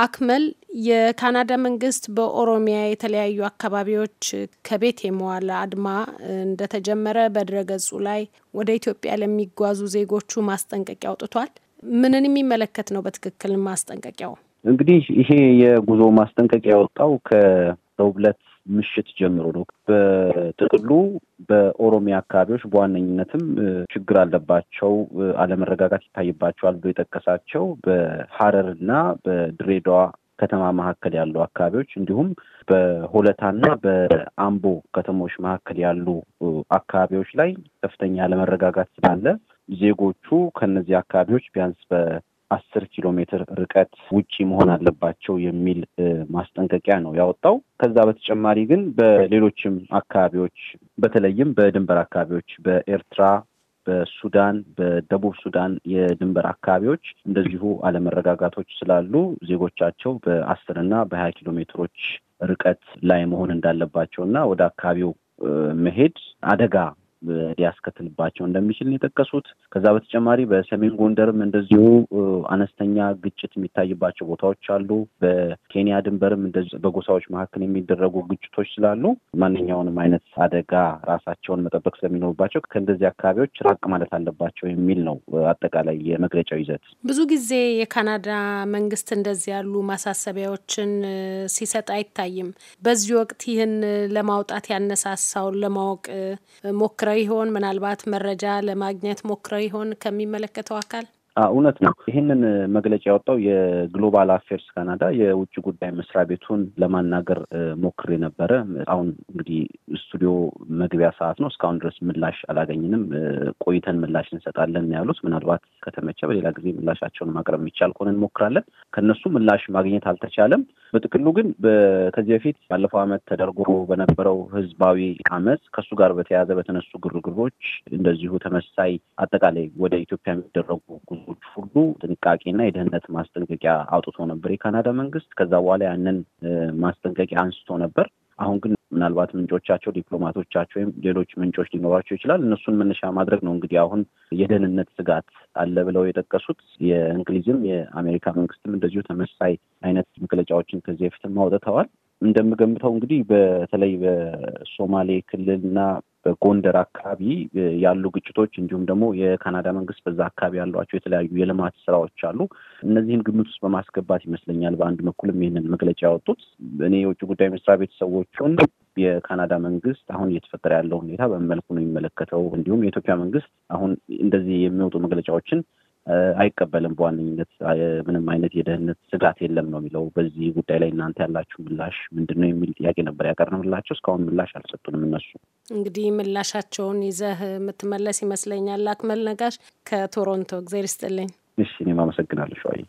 አክመል የካናዳ መንግስት በኦሮሚያ የተለያዩ አካባቢዎች ከቤት የመዋል አድማ እንደተጀመረ በድረገጹ ላይ ወደ ኢትዮጵያ ለሚጓዙ ዜጎቹ ማስጠንቀቂያ አውጥቷል። ምንን የሚመለከት ነው በትክክል ማስጠንቀቂያው? እንግዲህ ይሄ የጉዞ ማስጠንቀቂያ ያወጣው ከሰው ምሽት ጀምሮ ነው። በጥቅሉ በኦሮሚያ አካባቢዎች በዋነኝነትም ችግር አለባቸው፣ አለመረጋጋት ይታይባቸዋል ብሎ የጠቀሳቸው በሀረርና በድሬዳዋ ከተማ መካከል ያሉ አካባቢዎች እንዲሁም በሆለታና በአምቦ ከተሞች መካከል ያሉ አካባቢዎች ላይ ከፍተኛ አለመረጋጋት ስላለ ዜጎቹ ከነዚህ አካባቢዎች ቢያንስ አስር ኪሎ ሜትር ርቀት ውጪ መሆን አለባቸው የሚል ማስጠንቀቂያ ነው ያወጣው። ከዛ በተጨማሪ ግን በሌሎችም አካባቢዎች በተለይም በድንበር አካባቢዎች በኤርትራ በሱዳን በደቡብ ሱዳን የድንበር አካባቢዎች እንደዚሁ አለመረጋጋቶች ስላሉ ዜጎቻቸው በአስር እና በሀያ ኪሎ ሜትሮች ርቀት ላይ መሆን እንዳለባቸው እና ወደ አካባቢው መሄድ አደጋ ሊያስከትልባቸው እንደሚችል የጠቀሱት። ከዛ በተጨማሪ በሰሜን ጎንደርም እንደዚሁ አነስተኛ ግጭት የሚታይባቸው ቦታዎች አሉ። በኬንያ ድንበርም እንደዚሁ በጎሳዎች መካከል የሚደረጉ ግጭቶች ስላሉ ማንኛውንም አይነት አደጋ ራሳቸውን መጠበቅ ስለሚኖርባቸው ከእንደዚህ አካባቢዎች ራቅ ማለት አለባቸው የሚል ነው አጠቃላይ የመግለጫው ይዘት። ብዙ ጊዜ የካናዳ መንግስት እንደዚህ ያሉ ማሳሰቢያዎችን ሲሰጥ አይታይም። በዚህ ወቅት ይህን ለማውጣት ያነሳሳውን ለማወቅ ሞክረ ሞክረው ይሆን? ምናልባት መረጃ ለማግኘት ሞክረው ይሆን ከሚመለከተው አካል? እውነት ነው። ይህንን መግለጫ ያወጣው የግሎባል አፌርስ ካናዳ የውጭ ጉዳይ መስሪያ ቤቱን ለማናገር ሞክሬ ነበረ። አሁን እንግዲህ ስቱዲዮ መግቢያ ሰዓት ነው። እስካሁን ድረስ ምላሽ አላገኝንም። ቆይተን ምላሽ እንሰጣለን ያሉት፣ ምናልባት ከተመቸ በሌላ ጊዜ ምላሻቸውን ማቅረብ የሚቻል ከሆነ እንሞክራለን። ከነሱ ምላሽ ማግኘት አልተቻለም። በጥቅሉ ግን ከዚህ በፊት ባለፈው ዓመት ተደርጎ በነበረው ህዝባዊ አመፅ ከእሱ ጋር በተያያዘ በተነሱ ግርግሮች እንደዚሁ ተመሳይ አጠቃላይ ወደ ኢትዮጵያ የሚደረጉ ዜጎች ሁሉ ጥንቃቄና የደህንነት ማስጠንቀቂያ አውጥቶ ነበር የካናዳ መንግስት። ከዛ በኋላ ያንን ማስጠንቀቂያ አንስቶ ነበር። አሁን ግን ምናልባት ምንጮቻቸው ዲፕሎማቶቻቸው ወይም ሌሎች ምንጮች ሊኖራቸው ይችላል። እነሱን መነሻ ማድረግ ነው እንግዲህ አሁን የደህንነት ስጋት አለ ብለው የጠቀሱት። የእንግሊዝም የአሜሪካ መንግስትም እንደዚሁ ተመሳሳይ አይነት መግለጫዎችን ከዚህ በፊትም አውጥተዋል። እንደምገምተው እንግዲህ በተለይ በሶማሌ ክልልና በጎንደር አካባቢ ያሉ ግጭቶች እንዲሁም ደግሞ የካናዳ መንግስት በዛ አካባቢ ያሏቸው የተለያዩ የልማት ስራዎች አሉ። እነዚህን ግምት ውስጥ በማስገባት ይመስለኛል በአንድ በኩልም ይህንን መግለጫ ያወጡት። እኔ የውጭ ጉዳይ መስሪያ ቤት ሰዎቹን የካናዳ መንግስት አሁን እየተፈጠረ ያለው ሁኔታ በመልኩ ነው የሚመለከተው፣ እንዲሁም የኢትዮጵያ መንግስት አሁን እንደዚህ የሚወጡ መግለጫዎችን አይቀበልም። በዋነኝነት ምንም አይነት የደህንነት ስጋት የለም ነው የሚለው። በዚህ ጉዳይ ላይ እናንተ ያላችሁ ምላሽ ምንድን ነው የሚል ጥያቄ ነበር ያቀርንላቸው። እስካሁን ምላሽ አልሰጡንም። እነሱ እንግዲህ ምላሻቸውን ይዘህ የምትመለስ ይመስለኛል። አክመል ነጋሽ ከቶሮንቶ እግዜር ይስጥልኝ። እሺ እኔም አመሰግናለሁ